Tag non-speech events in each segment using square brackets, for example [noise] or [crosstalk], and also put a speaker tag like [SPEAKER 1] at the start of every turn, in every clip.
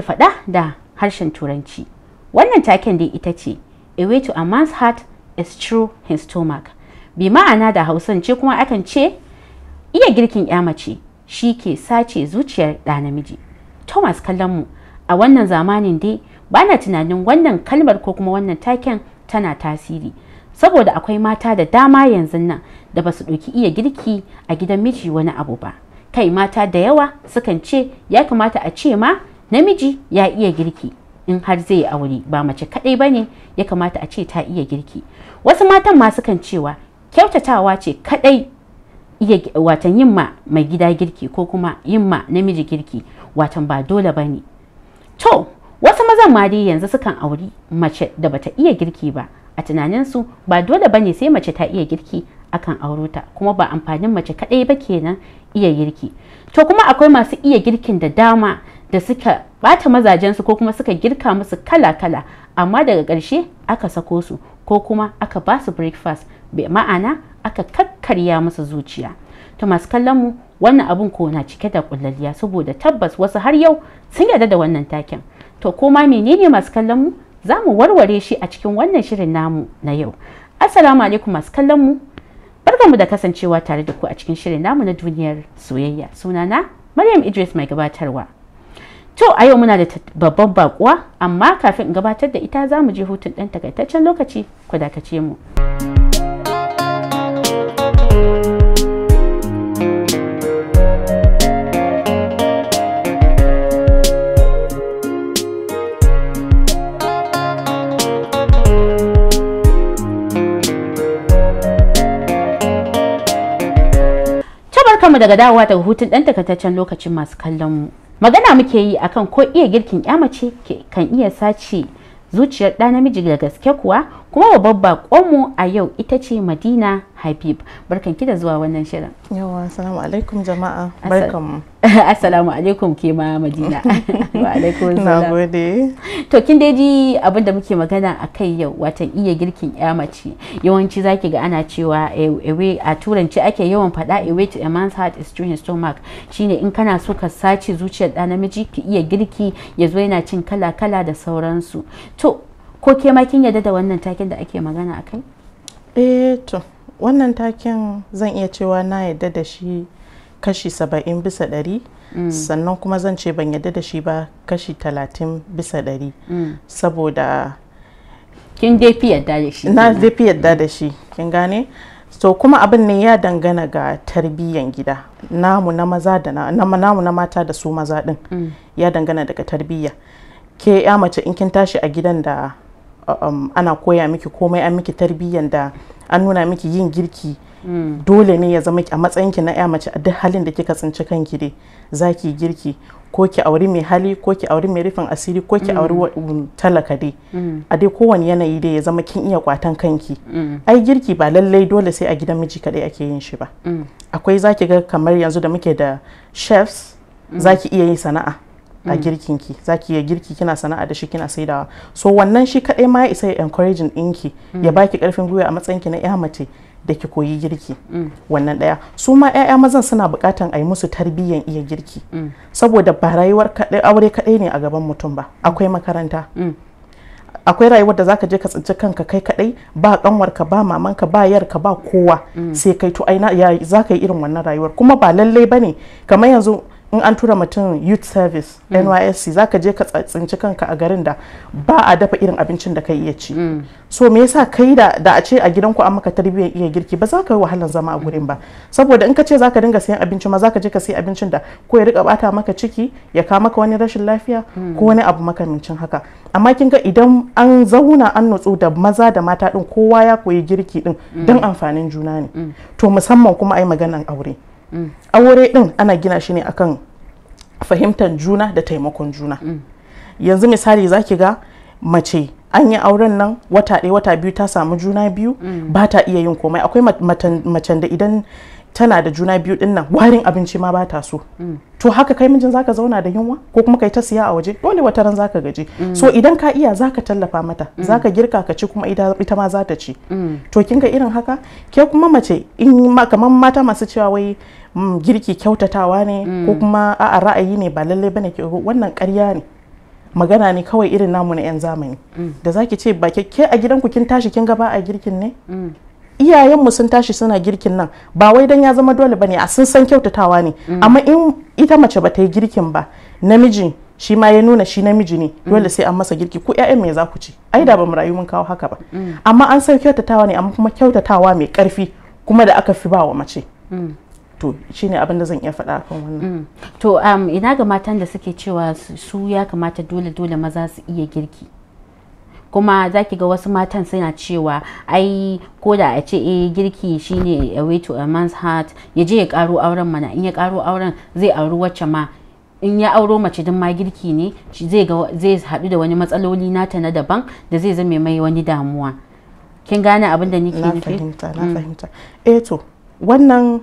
[SPEAKER 1] ake fada da harshen turanci wannan taken dai ita ce a way to a man's heart is through his stomach bi ma'ana da hausan ce kuma akan ce iya girkin ya mace shi ke sace zuciyar ɗa namiji thomas kallon mu a wannan zamanin dai ba na tunanin wannan kalmar ko kuma wannan taken tana tasiri saboda akwai mata da dama yanzu nan da ba su ɗauki iya girki a gidan miji wani abu ba kai mata da yawa sukan ce ya kamata a ce ma namiji ya iya girki in har zai aure ba mace kadai bane ne ya kamata a ce ta iya girki wasu matan masu kan cewa kyautatawa ce kadai iya watan yin ma mai gida girki ko kuma yin ma namiji girki watan ba dole ba to wasu mazan ma dai yanzu sukan auri mace da bata iya girki ba a tunanin su ba dole bane sai mace ta iya girki akan auro ta kuma ba amfanin mace kadai ba kenan iya girki to kuma akwai masu iya girkin da dama da suka bata su ko kuma suka girka musu kala-kala amma daga ƙarshe aka sako su ko kuma aka ba su breakfast bai ma'ana aka kakkarya musu zuciya to masu kallon mu wannan abun ko na cike da kullalliya saboda tabbas wasu har yau sun yarda da wannan taken to koma menene masu kallon mu za mu warware shi a cikin wannan shirin namu na yau assalamu alaikum masu kallon mu barkanmu da kasancewa tare da ku a cikin shirin namu na duniyar soyayya sunana maryam idris mai gabatarwa To a yau muna da babban bakuwa amma kafin in gabatar da ita za mu je hutun ɗan takaitaccen lokaci ku dakace mu. Tabarkamu daga dawowa daga hutun ɗan takaitaccen lokacin masu kallon mu. magana muke yi akan ko iya girkin mace kan iya sace zuciyar ɗa namiji da gaske kuwa kuma babba bakonmu a yau ita ce madina habib barkanki da zuwa wannan shirin
[SPEAKER 2] yawa assalamu alaikum jama'a barkanmu
[SPEAKER 1] [laughs] assalamu alaikum ke ma madina [laughs] wa alaikum salam gode to kin dai ji abin da muke magana a kai yau watan iya girkin ya mace yawanci zaki ga ana cewa eh, ewe a turanci ake yawan faɗa ewe to a man's heart is true stomach shine in kana so ka sace zuciyar da namiji ki iya girki ya zo yana cin kala kala da sauransu to ko ke ma kin yarda da wannan takin da ake
[SPEAKER 2] magana a kai eh to wannan takin zan iya cewa na yarda da shi kashi saba'in bisa ɗari mm. sannan kuma zan ce ban yarda da shi ba kashi talatin bisa ɗari mm. saboda kin dai fi yarda da shi na dai fi yarda da shi kin gane so kuma abin ne ya dangana ga tarbiyyan gida namu na mata da su maza din mm. ya dangana daga tarbiyya ke ya mace in kin tashi a gidan da Um, ana koya miki komai an miki tarbiyyar da an nuna miki yin girki mm. dole ne ya zama a matsayin ki na 'ya mace a duk halin da kika tsinci kanki dai za ki girki ko ki auri mai hali ko ki auri mai rufin asiri ko ki mm. auri um, talaka dai mm. a dai kowane yanayi dai ya zama kin iya kwatan kanki ai girki ba lallai dole sai a gidan miji kadai ake yin shi ba akwai zaki ga kamar yanzu da muke da chefs zaki iya yin sana'a a mm. girkin ki zaki iya girki kina sana'a da shi kina saidawa so wannan shi kadai ma ya isa ya encouraging ɗinki mm. ya baki karfin gwiwa a matsayin ki na ya mace da ki koyi girki mm. wannan daya su ma 'ya'ya mazan suna bukatan a yi musu tarbiyyan iya girki saboda ba rayuwar aure kadai ne a gaban mutum ba akwai makaranta akwai rayuwar da zaka je ka tsinci kanka kai kadai ba kanwarka ba mamanka ba yarka ba kowa sai kai to aina zaka yi irin wannan rayuwar kuma ba lallai bane kamar yanzu in an tura mutum youth service mm. nysc za ka je ka tsinci kanka a garin da ba a dafa irin abincin da ka iya ci mm. so me yasa kai da da a ce a gidanku an maka tarbiyyar iya girki ba za ka yi wahalar zama a mm. gurin ba saboda in ka ce za ka dinga sayan abinci ma za ka je ka sayi abincin da ko ya rika bata maka ciki ya ka maka wani rashin lafiya mm. ko wani abu makamancin haka amma kin ga idan an zauna an nutsu da maza da mata din kowa ya koyi girki din mm. dan amfanin juna ne to musamman kuma ai maganan aure aure din ana gina shi ne akan fahimtar juna da taimakon juna yanzu misali zaki ga mace an yi auren nan wata ɗaya wata biyu ta samu juna biyu ba ta iya yin komai akwai macen da idan tana da juna biyu din nan warin abinci ma ba ta so to haka kai mijin zaka zauna da yunwa ko kuma kai ta siya a waje dole wata ran zaka gaji so idan ka iya zaka tallafa mata zaka girka ka ci kuma ita ma za ta ci to kinga irin haka ke kuma mace in kamar mata masu cewa wai Hmm, girki kyautatawa ne mm. ko kuma a'a ra'ayi ne ba lallai bane ke wannan ƙarya ne magana ne kawai irin namu na 'yan zamani mm. da zaki ce ba kyakke a gidanku kin tashi kin gaba a girkin ne mm. iyayenmu sun tashi suna girkin nan ba wai dan ya zama dole bane a sun san kyautatawa ne amma in ita mace ba ta yi girkin ba namijin shi ma ya nuna shi namiji ne dole sai an masa girki ko ƴaƴan me za ku ci ai da ba mu rayu mun kawo haka ba amma an san kyautatawa ne amma kuma kyautatawa mai karfi kuma da aka fi ba wa mace to shine abin da zan iya faɗa kan wannan mm. to um, ina ga matan da suke cewa su ya kamata
[SPEAKER 1] dole dole maza su iya girki kuma za ki ga wasu matan suna cewa ai ko da a ce e girki shine a way to a man's heart ya je ya karo auren mana in ya karo auren zai auri wacce ma in ya auro mace din ma girki ne zai zai haɗu da wani matsaloli nata na daban da zai zame mai wani damuwa
[SPEAKER 2] kin gane abin da nake nufi na fahimta na mm. fahimta eh to wannan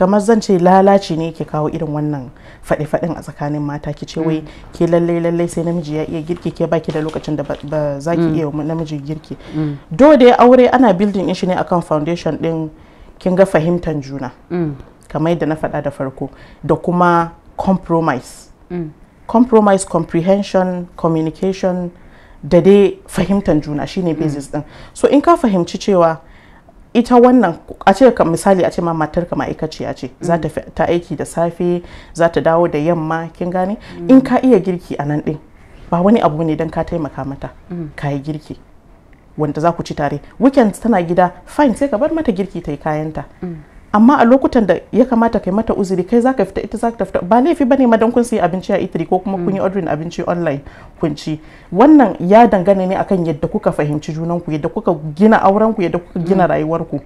[SPEAKER 2] kamar zan ce lalaci ne ke kawo irin wannan faɗe-faɗen a tsakanin mata ki ce mm. wai ke lallai lallai sai namiji ya iya girki ke baki da lokacin da ba za ki mm. iya namiji girki mm. do da aure ana building shi ne akan foundation din kin ga fahimtar juna kamar yadda na faɗa da farko da kuma compromise compromise comprehension communication da dai fahimtar juna shine basis din so in ka fahimci cewa ita wannan a ce ka misali a ce ma matar ka ma'aikaciya ce za ta ta aiki da safe za ta dawo da yamma kin gane in ka iya girki a nan din ba wani abu ne don ka taimaka mata ka yi girki wanda za ku ci tare weekend tana gida fine sai ka bar mata girki ta yi kayanta amma a lokutan da ya kamata kai mata uzuri kai zaka fita ita zaka fita ba laifi bane ma don kun sayi abinci a itiri e ko kuma kun yi mm. ordering abinci online kun ci wannan ya dangane ne akan yadda kuka fahimci junan ku yadda kuka gina auren ku yadda kuka gina mm. rayuwar ku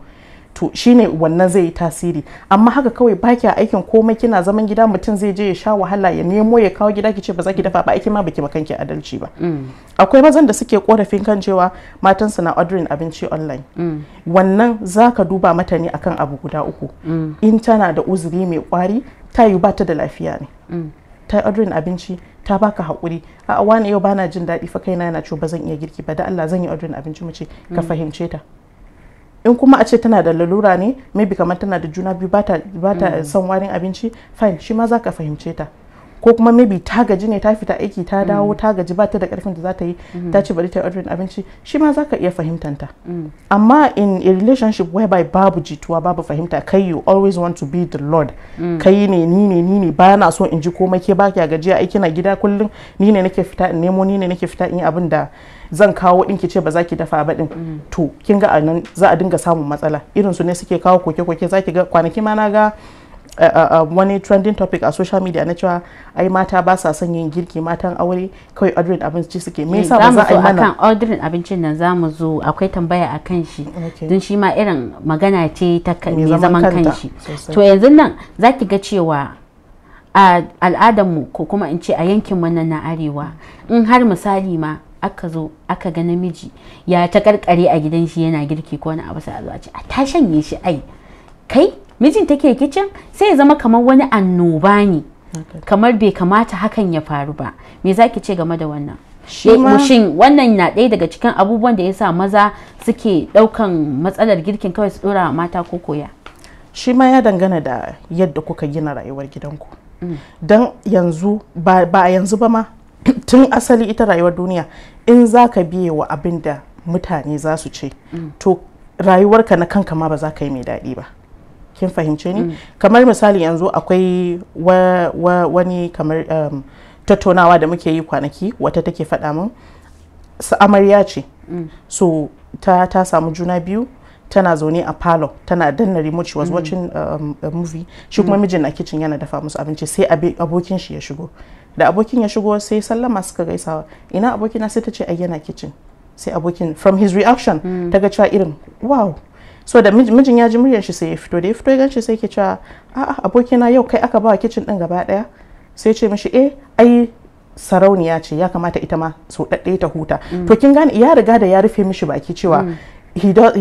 [SPEAKER 2] to shine wannan zai yi tasiri amma haka kawai baki aikin komai kina zaman gida mutum zai je ya sha wahala ya nemo ya kawo gida ki ce ba za ki dafa ba aiki ma baki kanki adalci ba mm. akwai mazan da suke korafin kan cewa matansu na ordering abinci online mm. wannan zaka duba mata ne akan abu guda uku mm. in tana da uzuri mai kwari ta yi ba ta da lafiya ne ta ordering abinci ta baka hakuri a wani yau bana jin daɗi fa kaina yana cewa ba zan iya girki ba da Allah zan yi ordering abinci mu ce ka fahimce ta in kuma a ce tana da lalura ne maybe kamar tana da juna biyu ba ta mm. son warin abinci fine shi ma za ka fahimce ta ko kuma maybe ta gaji ne ta fita aiki ta mm. dawo ta gaji ba ta da karfin da za ta yi mm-hmm. ta ce bari ta yi ordering abinci shi ma za ka iya fahimtanta mm. amma in a relationship whereby babu jituwa babu fahimta kai you always want to be the lord mm. kai ne ni ne ni ne ba na so in ji komai ke ba kya gajiya aiki na gida kullum ni ne nake fita in nemo ni ne nake fita in yi abin da zan kawo din ki ce ba za ki dafa ba din to kin ga anan za a dinga samun matsala irin su ne suke kawo koke-koke za ki ga kwanaki ma na ga Eh, eh, eh, wani trending topic a social media na cewa ai mata ba sa son yin girki matan aure kawai ordering abinci suke me yasa ba za a yi mana kan
[SPEAKER 1] ordering abincin nan zamu zo akwai tambaya akan shi don shi ma irin magana ce ta mai zaman kanshi to yanzu nan zaki ga cewa a al'adarmu ko kuma in ce a yankin wannan na arewa in har misali ma aka zo aka ga namiji ya ta karkare a gidan shi yana girki ko wani abu sai a zo a ce a ta shanye shi ai kai mijin take kicin sai ya zama kamar wani annoba ne kamar bai kamata hakan ya faru ba me zaki ce game da wannan eh, shin wannan na ɗaya daga cikin abubuwan da ya sa maza suke ɗaukan
[SPEAKER 2] matsalar girkin kawai su ɗora mata ko koya shi ma ya dangana da yadda kuka gina rayuwar gidanku mm. don yanzu ba a yanzu ba ma [clears throat] tun asali ita rayuwar duniya in za ka biye wa abin da mutane za su ce mm. to rayuwarka na kanka ma ba za ka yi mai daɗi ba kin fahimce ni mm. kamar misali yanzu akwai wani kamar um, tattaunawa da muke yi kwanaki wata take faɗa mun su amarya ce mm. so ta, samu juna biyu tana zaune a palo tana danna remote she was mm. watching um, a movie shi kuma mijin na kitchen yana dafa musu abinci sai abokin shi ya shigo da abokin ya shigo sai sallama suka gaisawa ina abokina sai ta ce ai yana kitchen sai abokin from his reaction ta ga cewa irin wow so da mijin ya ji muryar shi sai ya fito da ya fito ya ganshi sai ke cewa a'a abokina yau kai aka ba kicin din gaba daya sai ce mishi eh ai sarauniya ce ya kamata ita ma so dadde ta huta mm. to kin gane ya riga da ya rufe mishi baki cewa mm.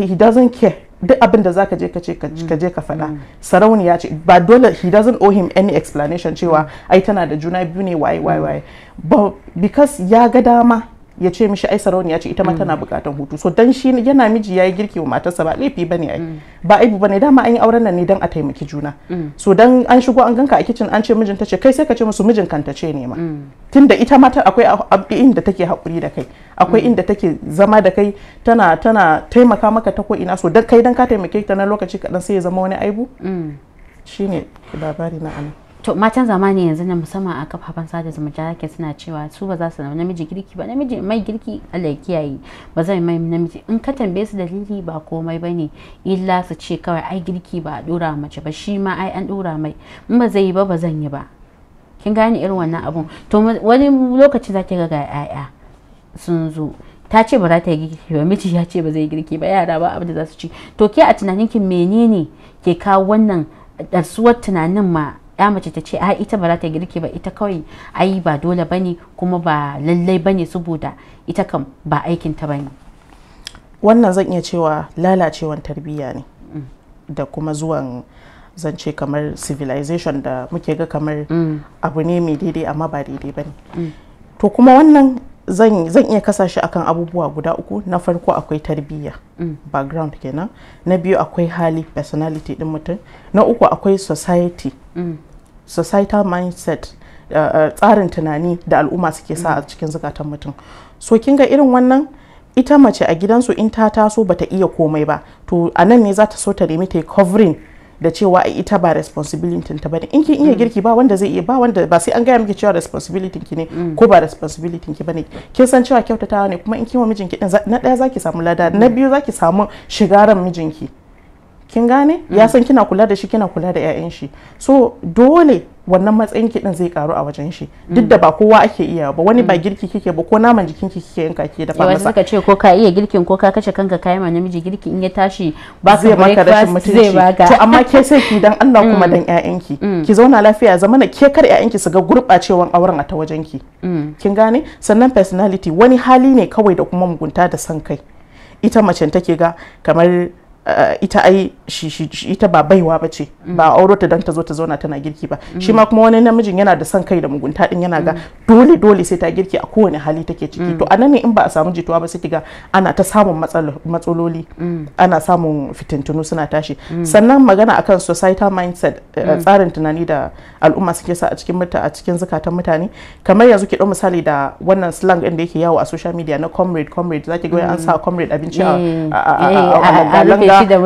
[SPEAKER 2] he doesn't care duk abin da zaka je ka ce ka mm. je ka faɗa sarauniya ce ba dole he doesn't owe him any explanation cewa ai tana da juna biyu ne waye waye waye because ya ga dama ya ce mishi ai sarauniya ce ita ma tana mm. bukatan hutu so dan shi yana miji yayi girki wa matarsa ba laifi bane ai mm. ba aibu bane dama an yi auren nan ne dan a taimaki juna mm. so dan an shigo an ganka a kitchen an ce mijin ce kai sai ka ce musu mijin kanta ce ne ma tunda ita ma ta akwai inda take hakuri da kai akwai inda take zama da kai tana tana taimaka maka ta ko ina so dan kai dan ka taimake ta na lokaci kadan sai ya zama wani aibu shine labari na anan to matan zamani yanzu na musamman a kafafen sada zumunta yake suna cewa su ba za su
[SPEAKER 1] namiji girki ba namiji mai girki Allah ya kiyaye ba zai mai namiji in ka tambaye su dalili ba komai bane illa su ce kawai ai girki ba a dora mace ba shi ma ai an dora mai in ba zai yi ba ba zan yi ba kin gane irin wannan abun to wani lokaci za ki ga ga 'ya'ya sun zo ta ce ba za ta yi girki ba miji ya ce ba zai girki ba yara ba abin da za su ci to ke a tunaninki menene ke kawo wannan ɗarsuwar tunanin ma da mace ta ce a ita ba za ta girki ba ita kawai ai ba dole bane kuma ba
[SPEAKER 2] lallai bane saboda ita kam ba aikin ta bane wannan zan iya cewa lalacewan tarbiyya ne mm. da kuma zuwan zance kamar civilization da muke ga kamar mm. abu ne mai daidai amma ba daidai bane mm. to kuma wannan zan iya kasa shi akan abubuwa guda uku na farko akwai tarbiyya background kenan na biyu akwai hali personality din mutum na uku akwai society societal mindset uh, uh, tsarin tunani da al'umma suke sa a mm. cikin zukatan mutum so kin ga irin wannan ita mace a gidansu in ta taso bata iya komai ba to a nan ne za ta so ta nemi ta covering da cewa ita ba responsibility ta bane in kin iya mm. girki ba wanda zai iya ba wanda ba sai an gaya miki cewa responsibility ki ne mm. ko ba responsibility ki bane kin san cewa kyautatawa ne kuma in kin mijinki din na daya zaki samu lada na biyu zaki samu shigaran mijinki kin gane mm. ya san kina kula da shi kina kula da 'ya'yan shi so dole wannan matsayin ki din zai karu a wajen shi duk mm. da ba kowa ake iya ba wani ba mm. girki kike ba ko naman jikin ki kike yanka ke da masa suka ce ko ka iya girkin ko ka kace kanka kai ma namiji girki in ya tashi ba ka zai baka to amma ke sai ki dan Allah [laughs] kuma dan 'ya'yan ki ki zauna lafiya zamana ke kar 'ya'yan ki su ga gurbacewan auren a ta wajen ki kin gane sannan personality wani hali ne kawai da kuma mugunta da san kai ita macen take ga kamar ita ai ita ba baiwa ba ce ba auro ta dan ta zo ta zauna tana girki ba shi ma kuma wani namijin yana da son kai da mugunta din yana ga dole dole sai ta girki a kowane hali take ciki to anan ne in ba a samu jituwa ba sai ga ana ta samun matsaloli ana samun fitintunu suna tashi sannan magana akan societal mindset tsarin tunani da al'umma suke sa a cikin a cikin zukatan mutane kamar yanzu ki dau misali da wannan slang din da yake yawo a social media na comrade comrade zaki ga an sa comrade abinci a a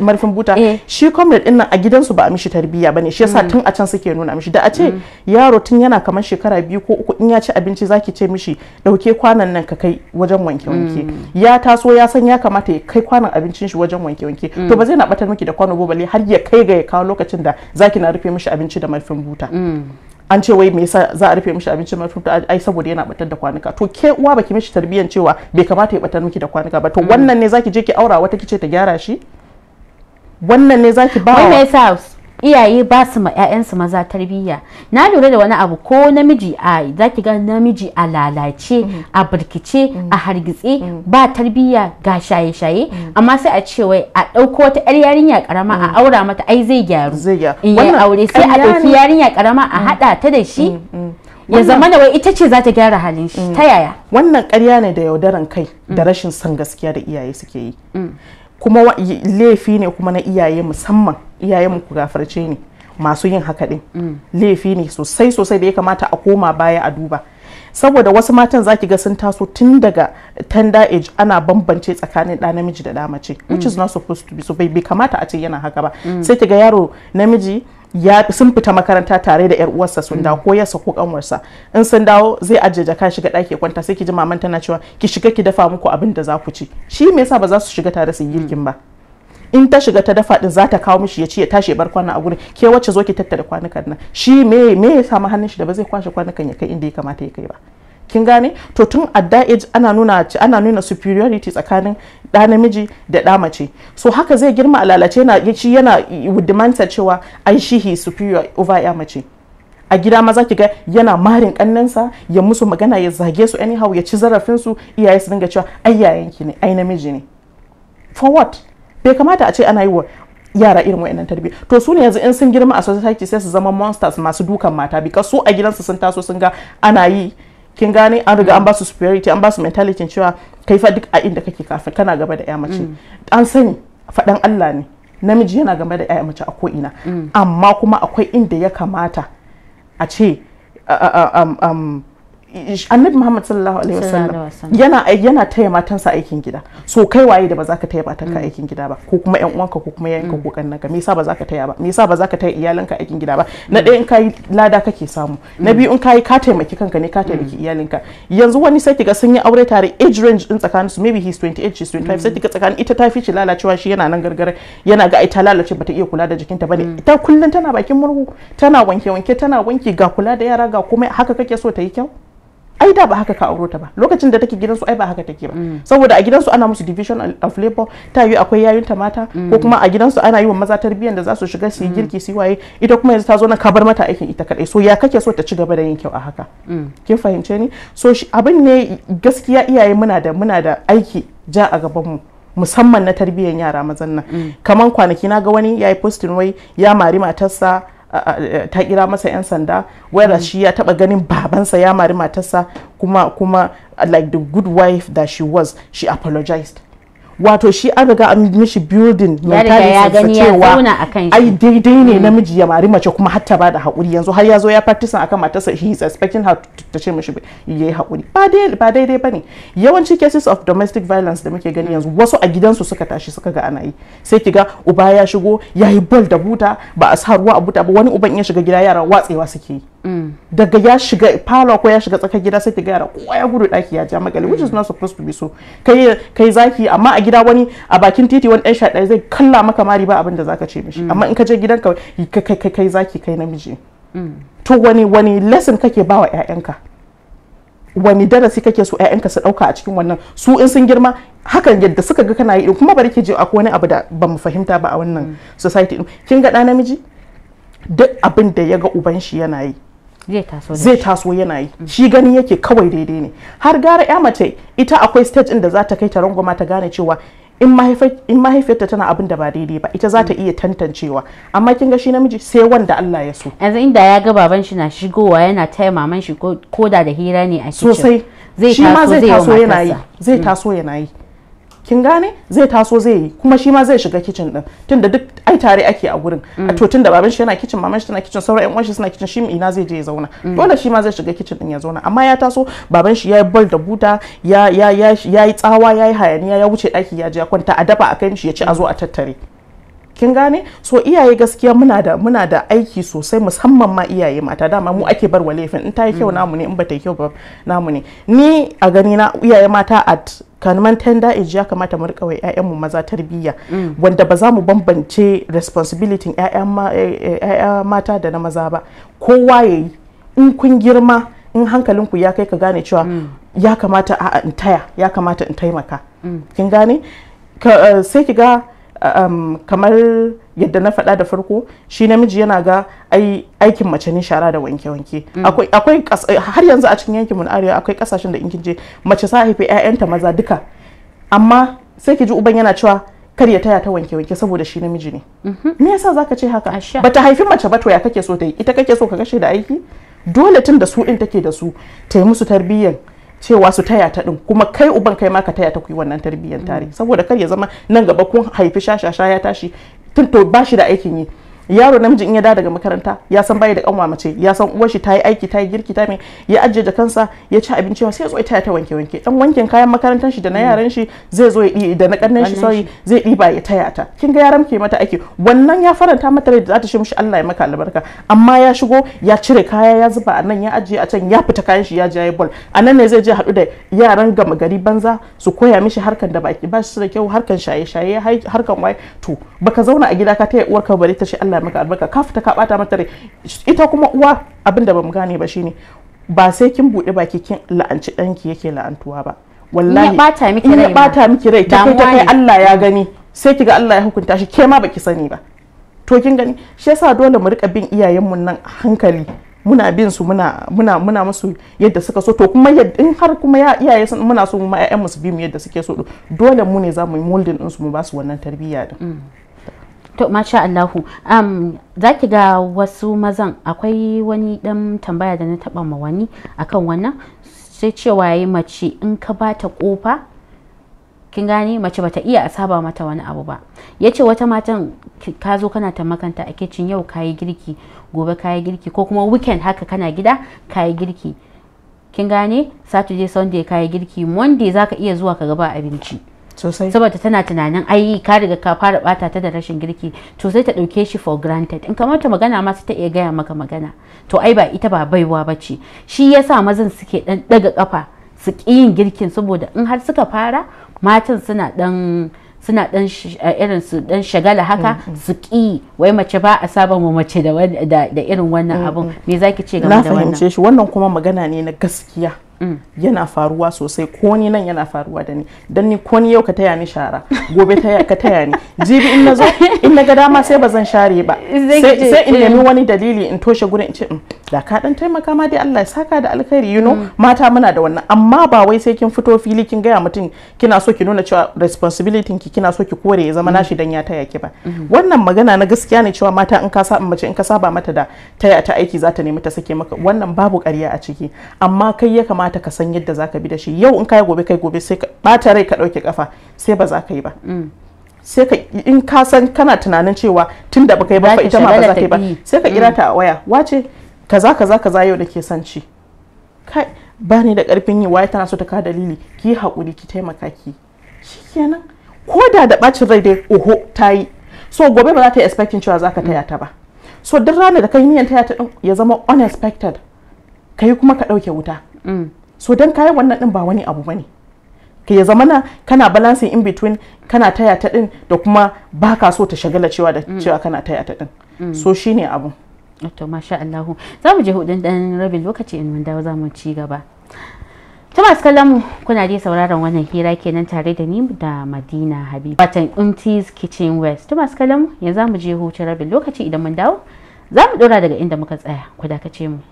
[SPEAKER 2] marfin buta shi eh. comrade din nan a gidansu ba a mishi tarbiyya bane shi yasa mm. tun a can suke nuna mishi da a ce mm. yaro tun yana kamar shekara biyu ko uku in ya ci abinci zaki ce mishi dauke kwanan nan ka kai wajen wanke wanke mm. ya taso ya san ya kamata ya kai kwanan abincin shi wajen wanke wanke to ba zai na batar miki da kwano ba har ya kai ga ya kawo lokacin da zaki na rufe mishi abinci da marfin buta an ce wai me yasa za a rufe mishi abincin mafita ai saboda yana batar da kwanuka to ke uwa baki mishi tarbiyan cewa bai kamata ya batar miki da kwanuka ba to mm. wannan ne zaki je ki aura wata kice ta gyara shi wannan ne zaki ba yasa iyaye ba su
[SPEAKER 1] ma 'ya'yansu maza tarbiyya na lura da wani abu ko namiji a zaki ga namiji a lalace a birkice a hargitse ba tarbiyya ga shaye-shaye amma sai a ce wai a ɗauko wata 'yar yarinya karama a aura mata ai zai gyaru in yi aure
[SPEAKER 2] sai a ɗauki yarinya karama a haɗa ta da shi mm, mm, mm.
[SPEAKER 3] ya zama da wai ita
[SPEAKER 2] ce za ta gyara halin shi ta yaya wannan karya ne da yaudaran kai da rashin son gaskiya da iyaye suke yi kuma laifi ne kuma na iyaye musamman iyayen ku gafarce ne masu yin haka din mm. laifi ne sosai sosai da ya kamata a koma baya a duba saboda wasu matan zaki ga sun taso tun daga tender age ana bambance tsakanin da namiji da ɗa mace which mm. is not supposed to be so bai kamata a ce yana haka ba mm. sai ki ga yaro namiji ya sun fita makaranta tare da yar uwarsa sun dawo mm. ko yasa ko kanwarsa in sun dawo zai ajiye jaka shiga ɗaki kwanta sai ki ji maman tana cewa ki shiga ki dafa muku abin da za ku ci shi me yasa ba za su shiga tare su yi girkin ba in ta shiga ta dafa din za ta kawo mishi ya ci ya tashi ya bar kwana a gurin ke wacce zo ki tattara kwanukan nan shi me me ya samu hannun shi da ba zai kwashe kwanukan ya kai inda ya kamata ya kai ba kin gane to tun a that age ana nuna ana nuna superiority tsakanin da namiji da da mace so haka zai girma a lalace yana shi yana wudimanta cewa ai shi he superior over ya mace a gida maza ki ga yana marin kannansa ya musu magana ya zage su anyhow ya ci zarafin su iyaye su dinga cewa ai yayanki ne ai namiji ne for what bai kamata a ce ana yi wa yara irin wa'annan tarbiyya to su ne yanzu in sun girma a society sai su zama monsters masu dukan mata because su a gidansu sun taso sun ga ana yi kin gane an riga an basu su superiority an basu su mentality cewa kai fa duk a inda kake kafin kana gaba da ya mace mm. an sani faɗan Allah ne namiji yana gaba da ya mace a ko ina mm. amma kuma akwai inda ya kamata a ce annabi muhammad sallallahu alaihi wasallam yana yana taya matansa aikin gida so kai waye da ba za ka taya matanka mm. aikin gida ba ko kuma yan uwanka ko kuma yayinka ko kannanka mm. me yasa ba za ka taya ba me yasa ba za ka taya iyalinka aikin gida ba na mm. ɗaya in kai lada kake samu na biyu in kai ka taimaki kanka ne ka taimaki iyalinka yanzu wani sai kiga sun yi aure tare age range din tsakanin su maybe he's 28 she's 25 sai kiga tsakanin ita ta fi ci lalacewa shi yana nan gargara yana ga ai ta lalace ta iya kula da jikinta bane ta kullun tana bakin murhu tana wanke wanke tana wanki ga kula da yara ga kuma haka kake so ta yi kyau ai da ba haka ka auro ta ba lokacin da take gidansu ai ba haka take ba mm. saboda a gidan su ana musu division of labor ta yi akwai yayun ta mata ko mm. kuma a gidansu ana yi wa maza tarbiyyar da za su shiga su yi mm. girki su waye ita kuma yanzu ta zo na ka bar mata aikin ita kadai so ya kake so ta ci gaba da yin kyau a haka kin fahimce ni so abin ne gaskiya iyaye muna da muna da aiki ja a gaban mu musamman na tarbiyyar yara mazan nan kaman kwanaki na ga wani yayi postin wai ya mari matarsa ta kira masa 'yan sanda whereas mm. shi ya taba ganin babansa ya mari matarsa kuma kuma like the good wife that she was she apologized wato shi an riga an mishi building mentality cewa ai daidai ne hmm. namiji ya mari mace kuma hatta ba da haƙuri yanzu har ya zo ya practice akan matarsa he is expecting her ta ce mishi yayi haƙuri ba daidai bane yawanci cases of domestic violence da muke gani hmm. yanzu wasu a gidansu suka tashi suka ga ana yi sai kiga uba ya shigo yayi bol da buta ba a sa ruwa a buta ba wani uban ya shiga gida yara watsewa suke yi daga ya shiga falo ko ya shiga tsakar gida sai ki ga ko kowa ya gudu daki ya ja magali which is not supposed to be so kai kai zaki amma a gida wani a bakin titi wani dan dai zai kalla maka mari ba abin da zaka ce mishi amma in ka je gidanka kai kai kai zaki kai namiji to wani wani lesson kake bawa ƴaƴanka wani darasi kake so ƴaƴanka su ɗauka a cikin wannan su in sun girma hakan yadda suka ga kana yi kuma bari ke je akwai wani abu da ba mu fahimta ba a wannan society din kin ga ɗa namiji duk abin da ya ga uban shi yana yi zai taso yana yi shi gani yake kawai daidai ne har gara ya mace ita akwai stage inda za ta kai ta rangwama ta gane cewa in mahaifiyarta tana abin da ba daidai ba ita za ta iya tantancewa amma kin ga shi namiji sai wanda Allah ya so
[SPEAKER 1] yanzu inda ya ga baban shi na shigowa yana taya maman shi koda da hira ne a kicin sosai
[SPEAKER 2] zai mm. taso yana yi zai taso yana yi kin gane zai taso zai yi kuma shi ma zai shiga kicin din tunda duk ai tare ake a gurin mm. to tunda baban shi yana kicin maman shi tana kicin sauran ƴan uwan shi suna kicin shi ina zai je ya zauna mm. dole shi ma zai shiga kicin din ya zauna amma ya taso baban shi yayi bol da buta ya ya ya yi tsawa yayi hayaniya ya wuce daki ya je ya kwanta a dafa a kai ya ci a zo a tattare kin gane so iyaye gaskiya muna da muna da aiki sosai musamman ma iyaye mata dama mu ake bar wa laifin in ta yi kyau mm. namu ne in ba ta yi kyau ba namu ne ni a gani na iyaye mata at kanuman tender age ya kamata mu rika wa ƴaƴanmu maza tarbiyya mm. wanda ba za mu bambance responsibility eh, eh, ƴaƴa mata da na maza ba kowa yayi in kun girma in hankalinku ya kai ka gane cewa mm. ya kamata a in taya ya kamata in taimaka mm. kin gane eh, sai ki ga Um, kamar yadda na faɗa da farko shi namiji yana ga aikin mace ne shara da wanke-wanke mm. akwai har yanzu a cikin yankin mun arewa akwai kasashen da in kin je mace sa haifi 'ya'yanta maza duka amma sai ki ji uban yana cewa kar ya taya ta wanke-wanke saboda shi namiji ne mm-hmm. me yasa zaka ce haka bata haifi mace ba to ya kake so ta yi ita kake so ka kashe da aiki dole tun da su din take da su ta yi musu tarbiyyar cewa su taya ta din kuma kai uban kai ma ka taya ta ku wannan tarbiyyar tare mm. saboda kar ya zama nan gaba kun haifi shashasha ya tashi tun to ba shi da aikin yi yaro namiji in ya da daga makaranta ya san baya da kanwa mace ya san uwar shi ta yi aiki tayi yi girki ta ya ajiye da kansa ya ci abinci sai ya zo ya ta wanke wanke dan wankin kayan makarantar shi da na mm. yaran shi zai zo ya da na kannan shi sai zai diba ya taya ta kin ga yaran ke mata ake wannan ya faranta mata da za ta shi mushi Allah ya maka albarka amma ya shigo ya cire kaya ya zuba a nan ya ajiye a can ya fita kayan shi ya jaye bol a nan ne zai je haɗu da yaran gama gari banza su koya mishi harkan da baki ba su da kyau harkan shaye shaye harkan wai to baka zauna a gida ka taya uwarka bare ta shi Allah Allah maka albarka ka fita ka bata mata ita kuma uwa abin da bamu gane ba shine ba sai kin bude baki kin la'anci danki yake la'antuwa ba wallahi rai ya bata miki rai ta kai ta kai Allah ya mm. gani sai kiga Allah ya hukunta shi ke ma baki sani ba to kin gani shi yasa dole mu rika bin iyayenmu nan hankali muna bin su muna muna muna musu yadda suka so to kuma in har kuma ya iyaye sun muna so mu ma 'ya'yan mu su bi mu yadda suke so dole mu ne za mu yi molding din su mu ba su wannan tarbiyya din mm. to masha Allahu um, za ki ga wasu
[SPEAKER 1] mazan akwai wani dan tambaya da na taba ma wani akan wannan sai cewa yayi mace in ka bata kofa kin gane mace bata iya a saba mata wani abu ba yace wata matan ka zo kana ta makanta a kicin yau kayi girki gobe kayi girki ko kuma weekend haka kana gida kayi girki kin gane saturday sunday kayi girki monday zaka iya zuwa ka gaba abinci saboda tana tunanin ai ka riga ka fara bata ta da rashin girki to sai ta dauke shi for granted in kamar ta magana ma ta iya gaya maka magana to ai ba ita ba baiwa bace shi yasa mazan suke dan daga kafa su yin girkin saboda in har suka fara matan suna dan suna dan eh, irin su dan shagala haka su ki wai mace ba a saba mu mace da
[SPEAKER 2] irin wannan abun me zaki ce game da wannan na fahimce shi wannan kuma magana ne na gaskiya yana faruwa sosai ko ni nan yana faruwa da ni dan ni ko ni yau ka taya ni shara gobe ka taya ni jibi in nazo in na ga dama sai bazan share ba sai in nemi eh. wani dalili in toshe gurin in ce mm, da ka dan taimaka ma dai Allah ya saka da alkhairi you know mm. mata muna da wannan amma ba wai sai kin fito fili kin gaya mutum kina so ki nuna cewa responsibility ki kina so ki kore ya zama mm. nashi dan ya taya ki ba mm-hmm. wannan magana na gaskiya ne cewa mata in ka saba mace in ka saba mata da taya ta aiki za ta nemi ta sake maka wannan babu ƙarya a ciki amma kai ya kamata kamata ka san yadda zaka bi da shi yau in kai gobe kai gobe sai ka bata rai ka dauke kafa sai ba za ka yi ba mm. sai ka in ka san kana tunanin cewa tun da baka yi ba ita ma ba za ka yi ba sai ka kira mm. ta a waya wace kaza kaza kaza yau nake son ci kai ba ni da karfin yi waye tana so ta ka dalili ki hakuri ki taimaka ki shikenan ko da da bacin rai dai oho ta yi so gobe ba za ta yi expecting cewa za taya ta ba so duk ranar da ka yi niyan taya ta ya zama unexpected ka yi kuma ka ɗauke wuta Mm. so don kayan wannan din ba wani abu bane ka ya zamana kana balancing in between kana taya ta din da kuma baka so ta shagala cewa da mm. cewa kana taya ta din mm. so shine abu to
[SPEAKER 1] masha Allah za mu je hudun dan rabin lokaci in mun dawo za mu ci gaba ta masu kallon kuna je sauraron wannan hira kenan tare da ni da madina habib watan unties kitchen west ta masu kallon yanzu za mu je hucin rabin lokaci idan mun dawo za mu dora daga inda muka tsaya ku dakace mu.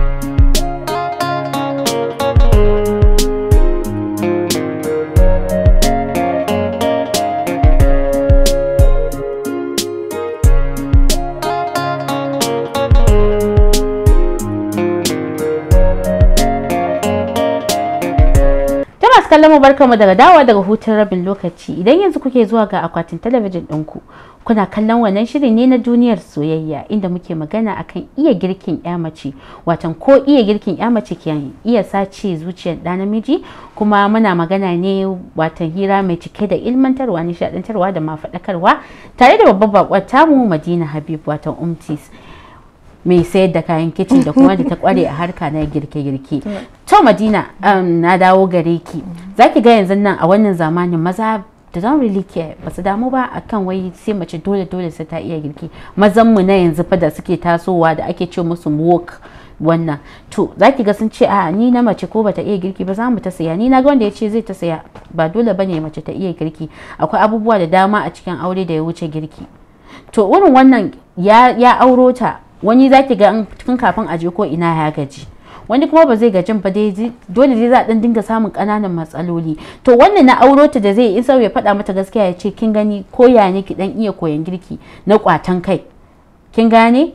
[SPEAKER 1] masu kallon mu daga dawa daga hutun rabin lokaci idan yanzu kuke zuwa ga akwatin talabijin ɗinku kuna kallon wannan shirin ne na duniyar soyayya inda muke magana akan iya girkin ya mace watan ko iya girkin ya mace ke iya sace zuciyar ɗa namiji kuma muna magana ne watan hira mai cike da ilmantarwa nishaɗantarwa da mafaɗakarwa tare da babbar bakwar tamu madina habib watan umtis mai sayar da kayan kicin da kuma da ta kware a harka na girke-girke to madina um, na dawo gare ki mm-hmm. zaki ga yanzu nan a wannan zamanin maza da don really care ba su damu ba akan wai sai mace dole dole sai ta iya girki mazan mu na yanzu fa da suke tasowa da ake ce musu work wannan to za ki ga sun ce a ni na mace ko bata iya girki ba za mu ta saya ni na ga wanda ya ce zai ta saya ba dole bane mace ta iya girki akwai abubuwa da dama a cikin aure da ya wuce girki to wurin wannan ya auro ta wani za ki ga tun kafin a je ko ina ya gaji wani kuma ba zai gajin ba dai dole dai za a dan dinga samun kananan matsaloli to wannan na auro ta da zai in sau ya faɗa mata gaskiya ya ce kin gani ko ya ne ki dan iya koyan girki na kwatan kai kin gane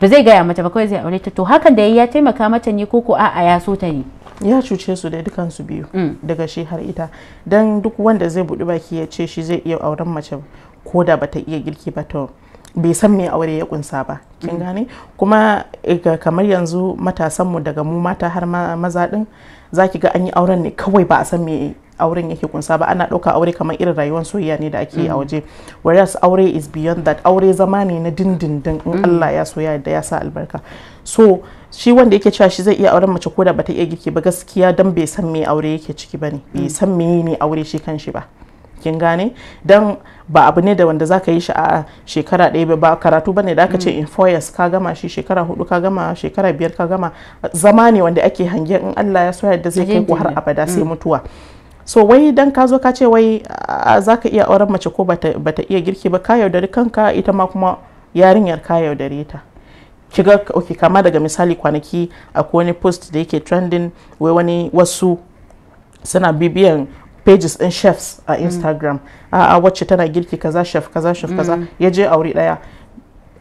[SPEAKER 1] ba zai gaya mata ba
[SPEAKER 2] kawai zai aure ta to hakan da ya taimaka mata ne ko ko a'a ya so ta ne ya cuce su da dukan su biyu mm. daga shi har ita dan duk wanda zai buɗi baki ya ce shi zai iya auren mace ko da bata iya girki ba to bai san me aure ya kunsa ba kin mm. gane kuma eh, kamar yanzu matasanmu daga mu mata har maza din zaki ga an yi auren ne kawai ba a san me auren yake kunsa ba ana ɗauka aure kamar irin rayuwar soyayya ne da ake yi a mm. waje whereas aure is beyond that aure zama ne na dindindin in mm. Allah ya soya da ya sa albarka so shi wanda yake cewa shi zai iya auren mace ko da bata iya girki ba gaskiya dan bai san me aure yake ciki bane bai san me ne aure shi kanshi ba kin gane dan ba abu ne da wanda zaka yi shi a shekara ɗaya ba karatu bane da aka ce mm. in four ka gama shi shekara hudu ka gama shekara biyar ka gama zama ne wanda ake hange in Allah ya so yadda zai kai ku har abada sai mm. mutuwa so wai dan ka zo ka ce wai za ka iya auren mace ko bata iya girki ba ka yaudari kanka ita ma kuma yarinyar ka yaudare ta kiga okay, kama daga misali kwanaki akwai wani post da yake trending wai wani wasu suna bibiyan pages din chefs a mm. instagram a wacce tana girki kaza chef kaza chef mm. kaza ya je aure daya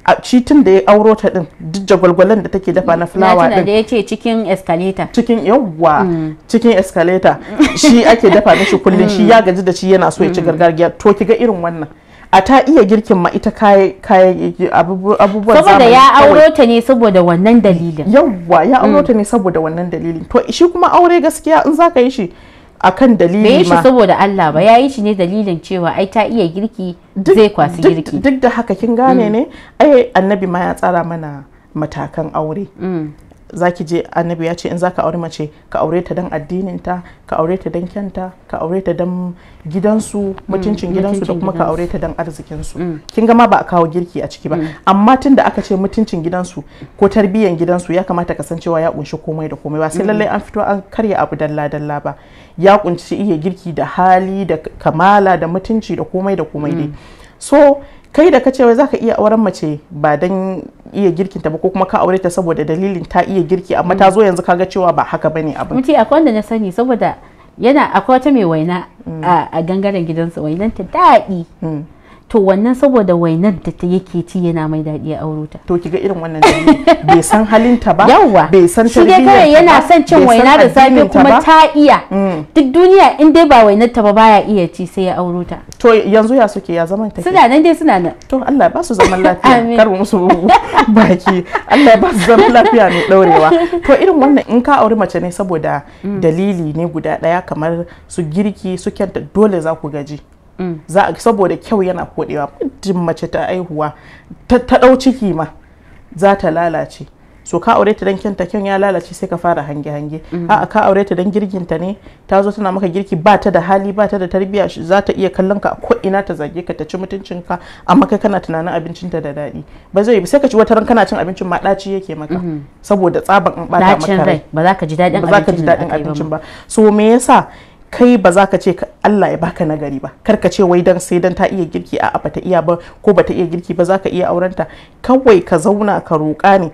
[SPEAKER 2] a citin da ya auro ta din duk jagwalgwalan da take dafa na fulawa din da yace cikin escalator cikin yawwa mm. cikin escalator shi ake dafa mishi kullun shi ya gaji da shi yana so ya ci gargajiya to ki ga irin wannan a ta iya girkin ma ita kayan abubuwan saboda ya auro ta ne saboda wannan dalilin yawwa ya auro ta ne saboda wannan dalilin to shi kuma aure gaskiya in zaka yi shi akan dalili ma. shi saboda
[SPEAKER 1] Allah ba ya yi shi ne dalilin cewa ai ta iya girki zai kwasi girki.
[SPEAKER 2] Duk da haka kin gane mm. ne ai annabi ma ya tsara mana matakan aure. Mm. zaki je annabi ya ce in za ka aure mace ka aure ta dan addininta ka aure ta dan kyanta ka aure ta dan gidansu mm, mutuncin gidansu da kuma ka aure ta dan arzikinsu mm. kin gama ba a kawo girki a ciki ba mm. amma tun da aka ce mutuncin gidansu ko tarbiyyan gidansu ya kamata ka san cewa ya kunshi komai da komai ba sai lallai an fito an karya abu dalla dalla ba ya kunshi iya girki da hali da kamala da mutunci da komai da komai dai so kai da ka ce wai zaka iya auren mace ba dan iya girkin ta ba ko kuma ka aure ta saboda dalilin ta iya girki amma ta zo yanzu kaga cewa ba haka bane abin
[SPEAKER 1] mutum akwai wanda na sani saboda yana akwai wata mai waina a gangaren gidansa wainanta ta daɗi mm. to wannan saboda wainan da ta yake ci yana mai daɗi a aurota to kiga irin wannan bai
[SPEAKER 2] san halinta ba bai san tarbiyyar shi dai yana son cin waina da safe kuma ta iya mm.
[SPEAKER 1] duk duniya in dai ba wainar ta ba baya iya ci sai ya aurota to yanzu ya suke ya zaman take
[SPEAKER 2] suna nan dai suna nan to Allah ya ba su zaman lafiya [laughs] kar musu baki Allah ya ba su zaman lafiya mai daurewa to irin wannan in ka auri mace ne saboda mm. dalili ne guda daya kamar su girki su kyanta dole za ku gaji Mm. za a saboda kyau yana kodewa muddin mace ta aihuwa ta ɗau ciki ma za ta lalace so ka aure ta dan kyanta kyan ya lalace sai ka fara hange hange mm. a'a ka aure ta dan girkin ta ne ta zo tana maka girki ba ta da hali ba ta da tarbiya za ta iya kallon ka ko ina ta zage ka ta ci mutuncin ka amma kai kana tunanin abincin ta da daɗi ba zai sai ka ci wata ran kana cin abincin ma ɗaci yake maka mm-hmm. saboda tsaban an bata maka ba za ka ji daɗin abincin ba so me yasa kai ba za ka ce Allah ya baka nagari ba karka ce wai dan sai dan ta iya girki a bata iya ba ko bata iya girki ba za ka iya aurenta kawai ka zauna ka roƙa ne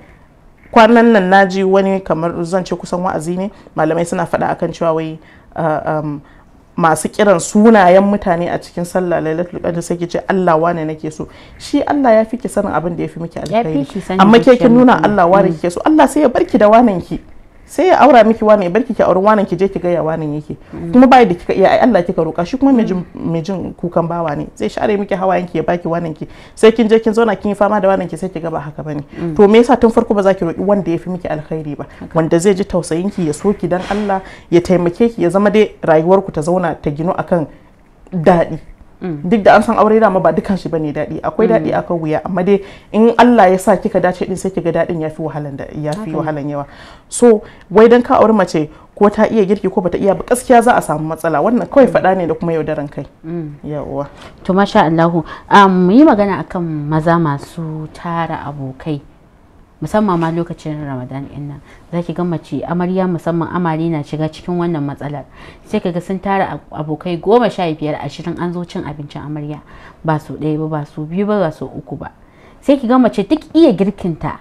[SPEAKER 2] kwanan nan na naji wani kamar zan ce kusan wa'azi ne malamai suna faɗa akan cewa wai masu kiran sunayen mutane a cikin sallah lailatul qadr sai ce Allah wane nake so shi Allah ya fi ki sanin abin da ya fi miki alkhairi amma ke kin nuna Allah wane mm. kike so Allah sai ya barki da wanan ki sai ya aura miki wani ya barki ki auren wani ki je ki gaya wani yake kuma bai da kika iya ai Allah kika roka shi kuma mai jin kukan bawa ne zai share miki hawayen ki ya baki wani ki sai kin je kin zauna kin yi fama da wani ki sai ki ga ba haka bane mm. to me yasa tun farko ba za ki roki wanda ya fi miki alkhairi ba wanda zai ji tausayin ki ya so ki dan Allah ya taimake ki ya zama dai rayuwar ku ta zauna ta gino akan daɗi duk da an san aure dama ba dukan shi bane daɗi akwai daɗi mm. aka wuya amma dai in Allah ya sa kika dace din sai kiga daɗin yafi wahalan da yafi wahalan yawa so wai dan ka aure mace ko ta iya girki ko bata iya ba gaskiya za a samu matsala wannan kawai mm. faɗa ne da kuma yaudaran kai mm. yawa to masha Allah
[SPEAKER 1] um yi magana akan maza masu tara abokai musamman ma lokacin ramadan din nan zaki ga mace amarya musamman amare na shiga cikin wannan matsalar sai ka ga sun tara abokai goma sha biyar ashirin an zo cin abincin amarya ba su ɗaya ba ba su biyu ba ba su uku ba sai ki ga mace duk iya girkinta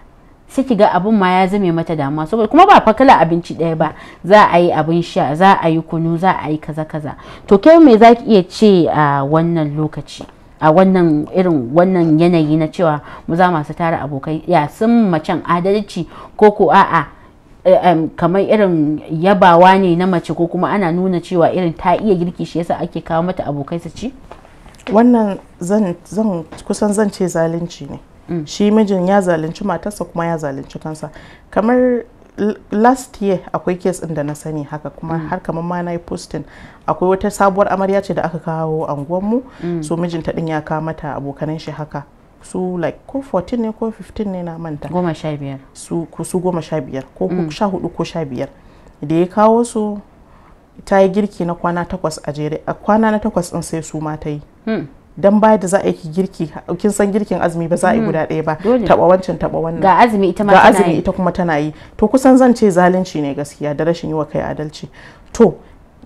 [SPEAKER 1] sai ki ga abun ma ya zame mata damuwa saboda kuma ba fakala abinci ɗaya ba za a yi abin sha za a yi kunu za a yi kaza kaza to kai me za ki iya ce a wannan lokaci a wannan irin wannan yanayi na cewa mu za masu tara abokai ya sun macen adalci ko ko a'a kamar irin yabawa ne na mace ko kuma ana nuna
[SPEAKER 2] cewa irin ta iya girki shi yasa ake kawo mata abokai su ci wannan zan kusan zan ce zalunci ne mm. shi mijin ya zalunci matarsa kuma ya zalunci kansa kamar last year akwai case ɗin da na sani haka kuma mm. har kamar ma na yi posting akwai wata sabuwar amarya ce da aka kawo anguwanmu mm. so mijinta ɗin ya kawo mata abokanan shi haka su like ko 14 ne ko 15 ne na manta goma sha biyar su goma sha biyar ko mm. sha hudu ko sha biyar da ya kawo su ta yi girki na kwana takwas a jere a kwana na takwas ɗin sai su ma ta yi hmm. dan baya da za a yi girki kin san girkin azumi ba za a yi hmm. guda ɗaya ba taba wancan taba wannan ga azumi ita ma yi ga azumi ita kuma tana yi to kusan zan ce zalunci ne gaskiya da rashin yi wa kai adalci to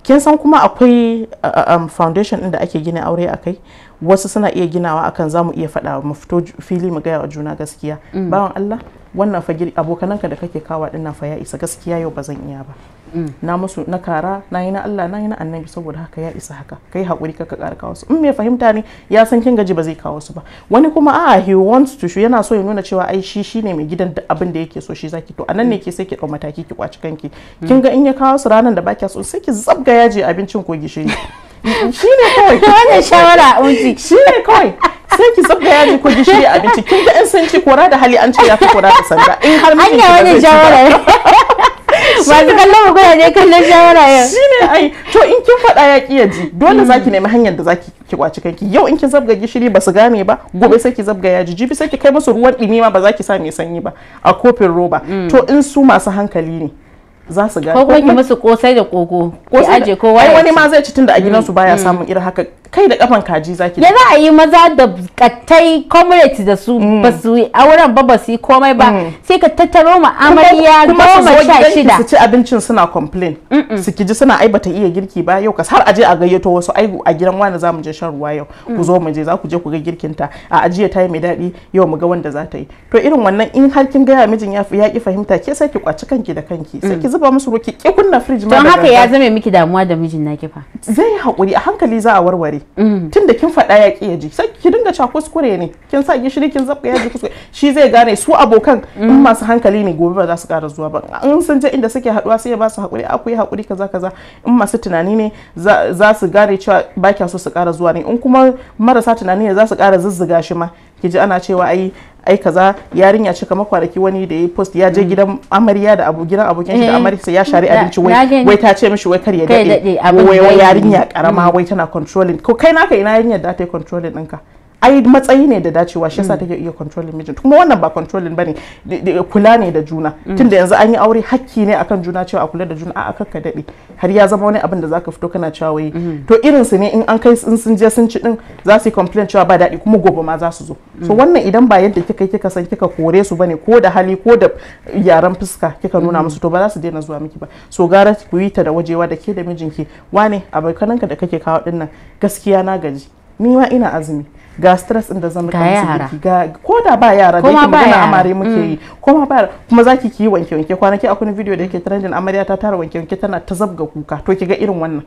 [SPEAKER 2] kin san kuma akwai uh, um, foundation din da ake gina aure a kai wasu suna iya ginawa akan za mu iya faɗa mu fito fili mu gaya wa juna gaskiya hmm. bawan Allah wannan fa abokananka da kake kawa din fa ya isa gaskiya yau bazan iya ba mm. na musu na kara na yi na Allah na yi na annabi saboda haka ya isa haka kai hakuri ka kara kawo su in mai fahimta ne ya san kin gaji ba zai kawo su ba wani kuma a ah, he wants to show yana so ya nuna cewa ai shi shine mai gidan da abin da yake so shi zaki to anan ne ke sai ki dau mataki ki kwaci kanki mm. kin ga in ya kawo su ranan da baki so sai ki zabga yaji abincin ko gishiri [laughs] shi ne kawai wannan shawara unzi shi ne kawai sai ki tsaka yaji ko gishiri abinci kin ga yan sanci kora da hali an ce ya fi kora da sanda in har mun yi ba zai shawara [laughs] masu kallon mu kuna ne kallon shawara yau shine ai to in kin faɗa ya kiya ji dole zaki nemi hanyar da zaki ki kwaci kanki yau in kin zabga gishiri ba su game ba gobe sai ki zabga yaji jibi sai ki kai musu ruwan ɗumi ma ba za ki sa mai sanyi ba a kofin roba mm. to in su masu hankali ne za su gane ko kuma su kosai da koko ko aje kowa wani ma zai ci tunda a mm. gidansu baya mm. samun irin haka kai da kafan kaji zaki ya za a yi maza da kattai comrades da su mm. ba su yi auren ba ba su yi komai ba mm. sai ka tattaro mu
[SPEAKER 1] amarya goma sha shida su ci
[SPEAKER 2] abincin suna complain su kiji suna ai bata iya girki ba yau kas har aje a gayyato wasu ai a gidan wani za mu je shan ruwa yau mm. ku zo mu je za ku je ku ga girkin ta a ajiya ta yi mai daɗi yau mu ga wanda za ta yi to irin wannan in har kin gaya mijin ya ya ki fahimta ke sai ki kwaci kanki da kanki sai ki zuba musu ruki ki kunna fridge ma don haka ya zame miki damuwa da mijin na kifa zai haƙuri a hankali za a warware Mm. tun da kin faɗa ya ƙi ya ji sai ki dinga cewa kuskure ne kin sa gishiri kin zabka ya ji kuskure shi zai gane su abokan in mm. masu hankali ne gobe ba za su ƙara zuwa ba in sun je inda suke haɗuwa sai ya ba su haƙuri akwai haƙuri kaza kaza in masu tunani ne za su gane cewa ba kya so su ƙara zuwa ne in kuma marasa tunani ne za su ƙara zuzzuga shi ma ki ji ana cewa ai ai kaza yarinya cika makwaraki wani da ya post ya je mm. gidan amarya da abu gidan abokin shi da eh, amarya ya share abinci wai wai ta ce mishi wai kar ya dade wai yarinya karama mm. wai tana controlling ko kai naka ina yarinya da ta yi controlling ɗinka ai matsayi ne da dacewa shi yasa mm. take iya controlling mijin kuma wannan ba controlling bane kula ne da juna mm. tunda yanzu an yi aure hakki ne akan juna cewa a kula da juna a'a kakka dade har ya zama wani abin da zaka fito kana cewa wai mm. to irin su ne in an kai in sun je sun ci din za su complain cewa ba daɗi kuma gobe ma za su zo so wannan idan ba yadda kika kika san kika kore su bane ko da hali ko da yaran fuska kika nuna musu to ba za su daina zuwa miki ba so gara ku yi ta da wajewa da ke da mijinki wane abokananka da kake kawo dinnan gaskiya na gaji ni ma ina azumi ga stress inda zan ga yara ga ko da ba yara da yake magana amare muke mm. yi kuma ba kuma zaki ki wanke wanke kwanaki akwai wani video da yake trending amarya ta tara wanke wanke tana ta zabga kuka to ki ga irin wannan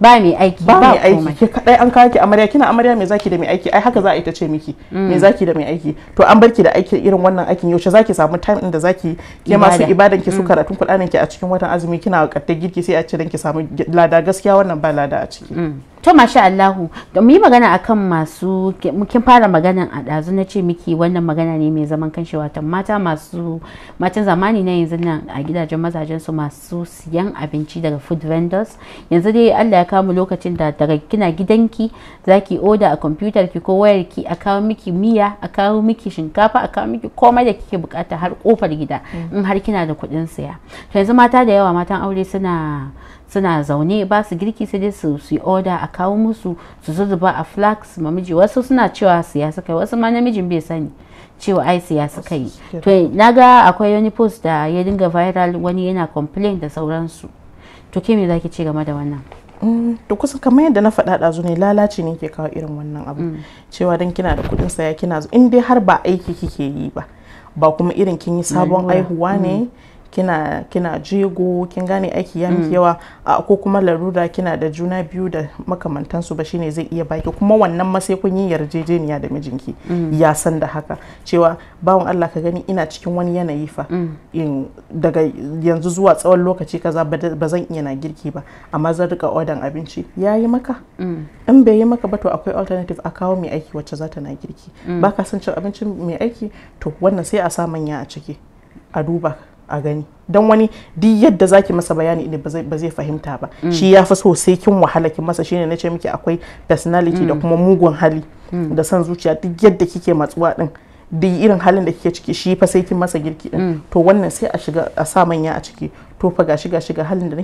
[SPEAKER 2] ba mai aiki ba mai aiki ke kadai an kawo ki amarya kina amarya mai zaki da mai aiki ai haka za a ita ce miki mai mm. zaki da mai aiki to an barki da aiki irin wannan aikin yaushe zaki samu time inda zaki ke masu ibadan ki su mm. karatun kudaden ki a cikin watan azumi kina kaddar girki sai a ce dan ki samu lada gaskiya wannan ba lada a ciki to masha Allahu da mu yi
[SPEAKER 1] magana akan masu kin fara maganan a ɗazu na ce miki wannan magana ne mai zaman kan watan mata masu matan zamani na yanzu nan a gidajen mazajen su masu siyan abinci daga food vendors yanzu dai Allah ya kamu lokacin da daga kina gidanki zaki oda a kwamfutar ki ko wayar ki a kawo miki miya a kawo miki shinkafa a kawo miki komai da kike bukata har kofar gida mm. in har kina da kuɗin siya to yanzu mata da yawa matan aure suna suna zaune ba su girki sai dai su yi oda a kawo musu su zuzuba a flax mamiji wasu suna cewa siyasa kai wasu ma namijin bai sani cewa ai siyasa kai to naga akwai wani post da ya dinga viral wani yana complain da sauransu to ke me zaki ce game da
[SPEAKER 2] wannan mm, to kusa kamar yadda na faɗa ɗazu ne lalaci ne ke kawo irin wannan abu mm. cewa dan kina da kuɗin saya kina in dai har ba aiki kike yi ba ba kuma irin kin yi sabon aihuwa ne mm. kina kina jego kin gane aiki ya miki mm. yawa a ko kuma larura kina da juna biyu da makamantansu ba shine zai iya baki kuma wannan ma sai kun yi yarjejeniya da mijinki mm. ya san da haka cewa bawan Allah ka gani ina cikin wani yanayi fa mm. daga yanzu zuwa tsawon lokaci kaza ba zan iya na girki ba amma zan rika odan abinci ya yi maka in bai yi maka ba to akwai alternative a kawo mai aiki wacce za ta na girki baka san cin abincin mai aiki to wannan sai a sa manya a ciki a duba a gani don wani duk yadda zaki masa bayani ne ba zai fahimta ba mm. shi ya fi so sai kin wahala ki masa shine na ce miki akwai personality da mm. kuma mugun hali mm. da san zuciya duk yadda kike matsuwa din duk irin halin da kike ciki shi fa sai kin masa girki din to wannan sai a shiga a sa manya a ciki to fa gashi gashi ga halin da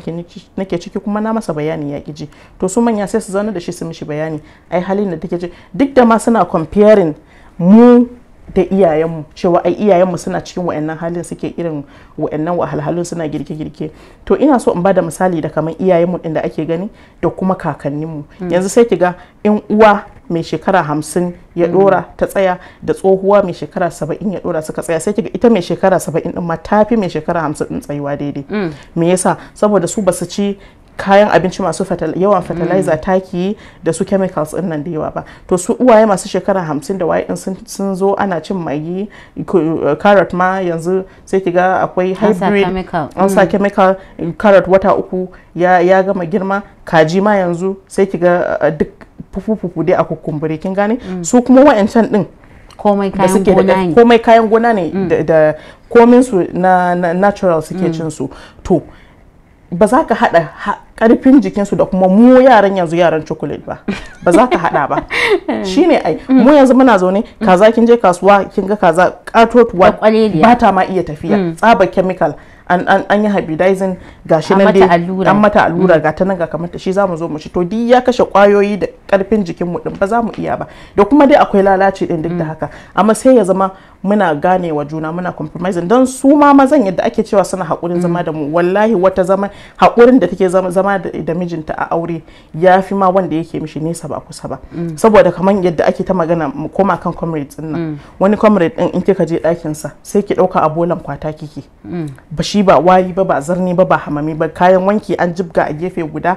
[SPEAKER 2] nake ciki kuma na masa bayani ya ji to su manya sai su zauna da shi su mishi bayani ai halin da take ciki duk da ma suna comparing mu ta iyayenmu cewa ai iyayenmu suna cikin wa'annan halin suke irin wa'annan wahalhalun suna girke-girke to ina so in ba da misali da kamar iyayenmu inda da ake gani da kuma kakanninmu mm. yanzu sai ki ga in uwa mai shekara hamsin ya dora mm. ta tsaya da tsohuwa mai shekara saba'in ya dora suka tsaya sai kiga ita mai shekara saba'in din ma tafi mai shekara hamsin din tsayuwa daidai mm. me yasa saboda su basu ci kayan abinci masu yawan mm. fertilizer taki da su chemicals din nan da yawa ba to su uwaye masu shekara hamsin da waye sun zo ana cin magi eh, carrot ma yanzu sai ki ga akwai hybrid an sa chemical mm. eh, carrot wata uku ya gama girma kaji ma yanzu sai ki ga eh, duk fufu dai a kukumbure kin gane mm. su kuma wa'ancan din komai kayan gona ne komai kayan gona ne da komin su na natural suke cin su to ba za ka hada karfin jikinsu da kuma mu yaran yanzu yaran cokulet ba ba za ka hada ba [laughs] shine ai mm. mu yanzu muna zaune kaza kin je kasuwa kin ga kaza katotuwa ba ta ma iya tafiya mm. tsaba chemical an yi hybridizing ga shi nan dai an mata allura mm. ga ta nan ga kamar shi zamu zo mu ci to duk ya kashe kwayoyi da karfin jikin mu din ba za mu iya ba da kuma dai akwai lalaci din duk da haka amma sai ya zama muna ganewa juna muna compromising don su ma mazan yadda ake cewa suna haƙurin zama mm. da mu wallahi wata zama haƙurin da take zama da mijinta a aure ya fi ma wanda yake mishi nesa ba kusa ba mm. saboda kamar yadda ake ta magana mu koma kan comrades din nan mm. wani comrade din in kika je ɗakin sa sai ki ɗauka a bolan kwata kike ba shi ba wari ba ba zarni ba ba hamami ba kayan wanki an jibga a gefe guda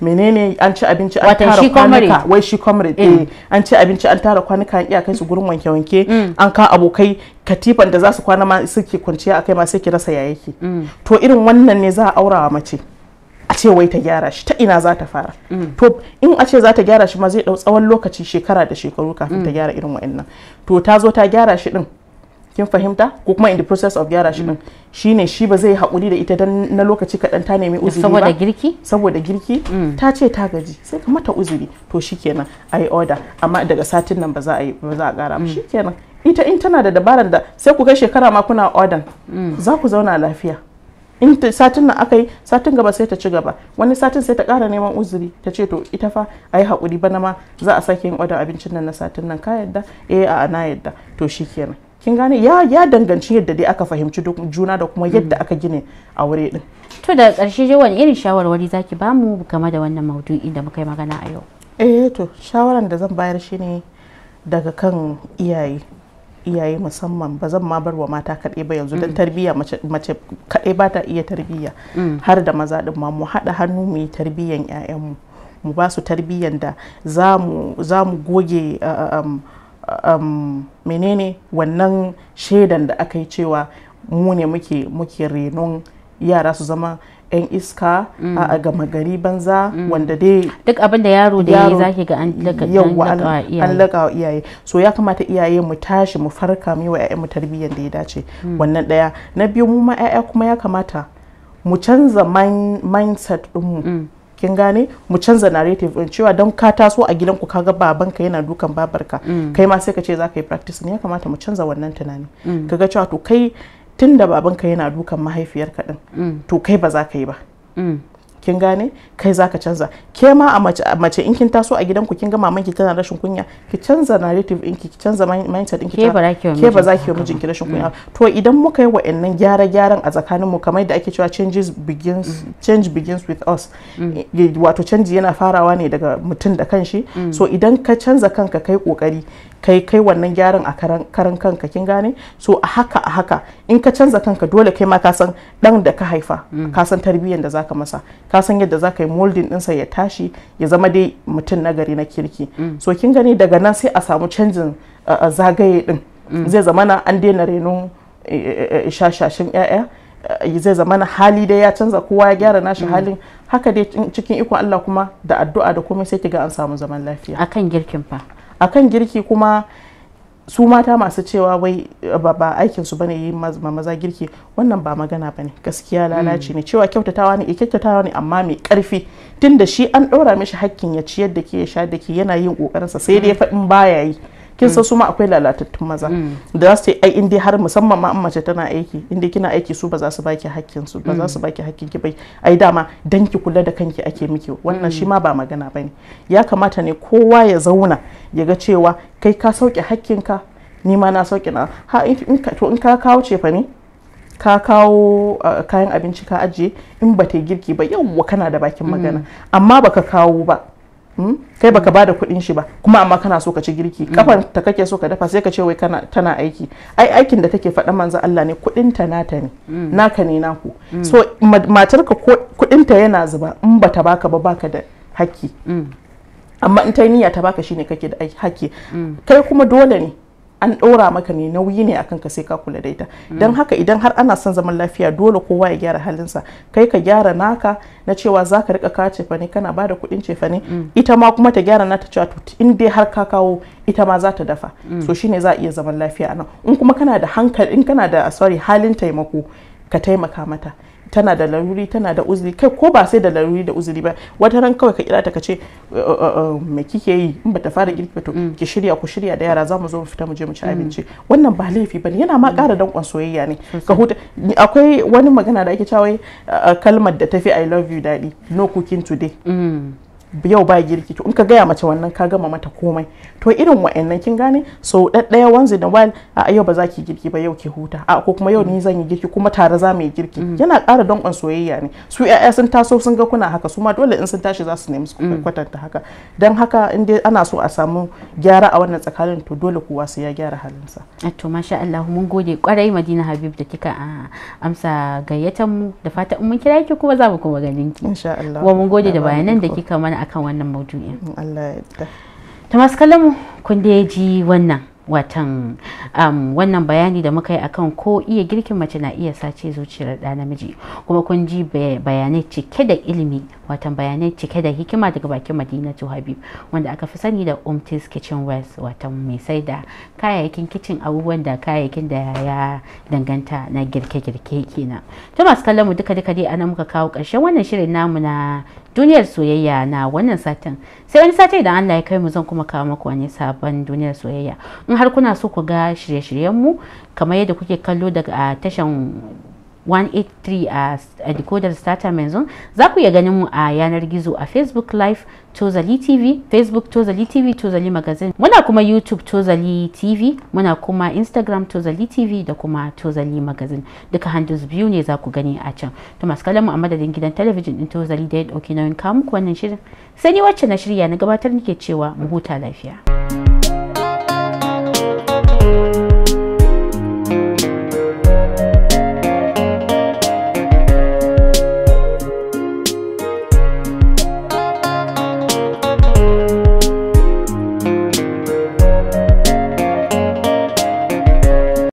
[SPEAKER 2] menene an ci abinci an tara kwanuka wai shi comrade eh, an ci abinci an tara kwanuka an iya kai su gurin wanke-wanke an ka abokai katifan da za su kwana ma suke kwanciya akai ma sai ki rasa ya yake mm. to irin wannan ne za a aura wa mace a ce wai ta gyara shi ta ina za ta fara mm. to in a ce za ta gyara shi ma zai dau tsawon lokaci shekara da shekaru kafin ta mm. gyara irin wa'annan to ta zo ta gyara shi din kin fahimta ko kuma in the process of gyara shi din shine shi ba zai haƙuri da ita dan na lokaci kaɗan ta nemi uzuri saboda girki saboda girki ta ce ta gaji sai ka mata uzuri to shikenan ai order amma daga satin nan ba za a yi ba za a gara ba shikenan ita in tana da dabaran da sai ku kai shekara ma kuna odan mm. za ku zauna lafiya in satin nan aka yi satin gaba sai ta ci gaba wani satin sai ta kara neman uzuri ta ce to ita fa a yi haƙuri bana ma za a sake yin odan abincin nan na satin nan ka yadda eh a na yadda to shi kenan kin gane ya ya danganci yadda dai aka fahimci juna da kuma yadda mm. aka gine a wuri din to da ƙarshe je wani irin shawarwari zaki bamu game da wannan maudu'i da muka yi magana a yau eh to shawaran da zan bayar shine daga kan iyaye iyaye musamman ba zan ma bar wa mata kaɗai ba yanzu don mm. tarbiyya mace kaɗai ba ta iya tarbiyya mm. har da maza ɗin ma mu haɗa hannu mu yi tarbiyyan 'ya'yanmu mu ba su tarbiyyan da za mu goge menene wannan shaidan da aka yi cewa mu ne muke renon yara su zama 'yan iska a gama gari banza mm. wanda dai duk
[SPEAKER 1] abin da yaro da yayi zaki ga
[SPEAKER 2] an laka wa iyaye so ya kamata iyaye mu tashi mu farka mu yi wa mu tarbiyyar da ya dace mm. wannan daya na biyu mu ma 'ya'ya kuma ya kamata mu canza mindset ɗinmu mm. kin gane mu canza narrative din cewa don ka taso a ku kaga babanka yana dukan babarka kai ma sai ka ce zaka yi practice ne ya kamata mu canza wannan tunani kaga cewa to kai tun da babanka yana dukan mahaifiyarka din mm. to kai ba za ka yi ba mm. kin gane kai za ka canza ke ma a mace in kin taso a gidanku kin ga maman tana rashin kunya ki canza narrative ɗinki ki canza mindset ɗinki ke ba za ki yi mijinki rashin mm. kunya to idan muka yi wa'annan gyara gyaran a tsakanin mu kamar da ake cewa changes begins change begins with us wato canji yana farawa ne daga mutum da kanshi so idan ka canza kanka kai kokari kai kai wannan gyaran a karan kanka kin gane so a haka a haka in ka canza kanka dole kai ma ka san dan da ka haifa mm. ka san tarbiyyar da zaka masa ka san yadda zaka yi molding din sa ya tashi ya zama dai mutum na gari na kirki mm. so kin gane daga nan sai a samu canjin zagaye din mm. zai zama na an daina reno e, e, e, shashashin 'ya'ya zai zama na hali dai ya canza kowa ya gyara nashi halin haka dai cikin ikon Allah kuma da addu'a da komai sai kiga an samu zaman lafiya akan girkin fa akan girki kuma su mata masu cewa wai ba aikin su bane yi maza girki wannan ba magana bane gaskiya lalaci mm. ne cewa kyautatawa ne eh, kyautatawa ne amma mai karfi tunda shi an ɗora mishi hakkin ya ci yadda ke ya sha da ke yana yin kokarinsa sai dai faɗin baya yi kin san mm. su ma akwai lalatattun maza mm. da za su yi ai in har musamman ma mace tana aiki in kina aiki su ba za su baki hakkin su ba za su mm. baki hakkin ki bai ai dama dan ki kula da kanki ake miki wannan shi ma ba magana bane ya kamata ne kowa ya zauna ya ga cewa kai ka sauke hakkinka ni ma na sauke na ha to in ka kawo fa ne ka kawo eh, kayan abinci ka ajiye in ba ta girki ba yawwa kana da bakin magana amma baka kawo ba Hmm? kai baka ba da kuɗin shi ba kuma amma kana so ka ci girki hmm. kafan ta kake so ka dafa sai ka ce wai kana tana aiki ai aikin da take faɗa manzo Allah ne kuɗin ta nata ne hmm. naka ne naku so matarka kuɗin ta yana zuba in bata baka ba baka da haƙƙi amma in ta niyya ta baka shine kake da haƙƙi kai kuma dole ne an ɗora maka ne nauyi ne akan ka sai ka kula da ita don haka idan har ana son zaman lafiya dole kowa ya gyara halinsa kai ka gyara naka na cewa za ka rika ka cefane kana bada kuɗin kuɗin cefane ita ma kuma ta gyara nata cewa to in dai har ka kawo ita ma za ta dafa so shine za a iya zaman lafiya anan in kuma kana da hankali in kana da sorry halin taimako ka taimaka mata tana da laruri tana da uzuri kai ko ba sai da laruri da uzuri ba wata ran kawai ka kira ta ka eh, eh, eh, me kike yi in bata fara girki to mm. ki shirya ku shirya da yara za mu zo mu fita mu je mu ci mm. abinci wannan ba laifi bane yana ma mm. ƙara dankon soyayya ne ka huta akwai wani magana da ake cewa kalmar da tafi i love you daddy no cooking today yau ba girki to in ka gaya mace wannan ka gama mata komai to irin wa'annan kin gane so ɗaɗɗaya wanzu da wal a yau ba za ki girki ba yau ki huta a ko kuma yau ni zan yi girki kuma tare za mu yi girki mm-hmm. yana ƙara danƙon soyayya ne su ƴaƴa sun taso sun ga kuna haka su ma dole in sun tashi za su nemi su mm. kwatanta haka dan haka in dai ana so a samu gyara a wannan tsakanin to dole kowa sai ya gyara halinsa to masha Allah mun gode kwarai Madina Habib da
[SPEAKER 1] kika amsa gayyatan mu da fata in mun kira ki kuma za mu kuma ganin ki insha Allah mun gode da bayanan da kika mana akan wannan maudu'in mm, Allah ya ta masu kalamu kun da ji wannan watan um, wannan bayani da muka yi akan ko iya girkin mace na iya sace zuciyar da namiji kuma kun ji bayanai cike da ilimi watan bayanai cike da hikima daga bakin madina madinatu habib wanda aka fi sani da umtis kitchen west watan mai sai da kayayyakin kitchen abubuwan da kayayyakin da ya danganta na girke-girke kenan to masu kallon mu duka duka dai anan muka kawo ƙarshen wannan shirin namu na duniyar soyayya na wannan satin sai wani satin idan Allah ya kai mu zan kuma kawo maku wani sabon duniyar soyayya in har kuna so ku ga shirye shiryenmu kamar yadda kuke kallo daga a tashan 183 a decoder starter yanzu za ku iya ganin mu a yanar gizo a facebook live Tozali TV, Facebook Tozali TV Tozali Magazine. Muna kuma YouTube Tozali TV, muna kuma Instagram Tozali TV da kuma Tozali Magazine. Duka handles biyu ne za ku gani a can. To masu kallon mu a madadin gidan talabijin din Tozali da ya dauki nauyin kawo muku wannan shirin. Sai ni wacce na shirya na gabatar nake cewa mu huta lafiya.